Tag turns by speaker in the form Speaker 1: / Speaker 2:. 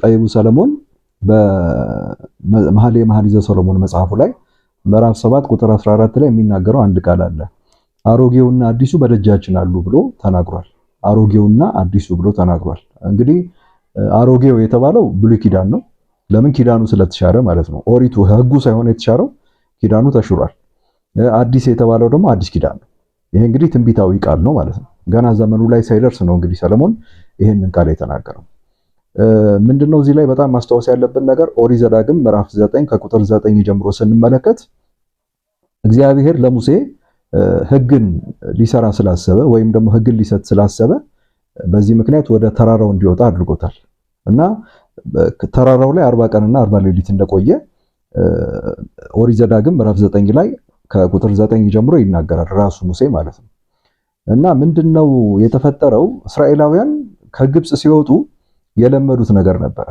Speaker 1: ጠቢቡ ሰለሞን በመሐሌ መሐሊዘ ሰሎሞን መጽሐፉ ላይ ምዕራፍ 7 ቁጥር 14 ላይ የሚናገረው አንድ ቃል አለ። አሮጌውና አዲሱ በደጃችን አሉ ብሎ ተናግሯል። አሮጌውና አዲሱ ብሎ ተናግሯል። እንግዲህ አሮጌው የተባለው ብሉይ ኪዳን ነው። ለምን ኪዳኑ ስለተሻረ ማለት ነው። ኦሪቱ ህጉ ሳይሆን የተሻረው ኪዳኑ ተሽሯል። አዲስ የተባለው ደግሞ አዲስ ኪዳን ነው። ይሄ እንግዲህ ትንቢታዊ ቃል ነው ማለት ነው። ገና ዘመኑ ላይ ሳይደርስ ነው እንግዲህ ሰለሞን ይሄንን ቃል የተናገረው። ምንድነው እዚህ ላይ በጣም ማስታወስ ያለብን ነገር ኦሪት ዘዳግም ምዕራፍ 9 ከቁጥር 9 ጀምሮ ስንመለከት እግዚአብሔር ለሙሴ ሕግን ሊሰራ ስላሰበ ወይም ደግሞ ሕግን ሊሰጥ ስላሰበ በዚህ ምክንያት ወደ ተራራው እንዲወጣ አድርጎታል እና ተራራው ላይ 40 ቀንና 40 ሌሊት እንደቆየ ኦሪት ዘዳግም ምዕራፍ 9 ላይ ከቁጥር 9 ጀምሮ ይናገራል ራሱ ሙሴ ማለት ነው። እና ምንድነው የተፈጠረው? እስራኤላውያን ከግብፅ ሲወጡ የለመዱት ነገር ነበረ።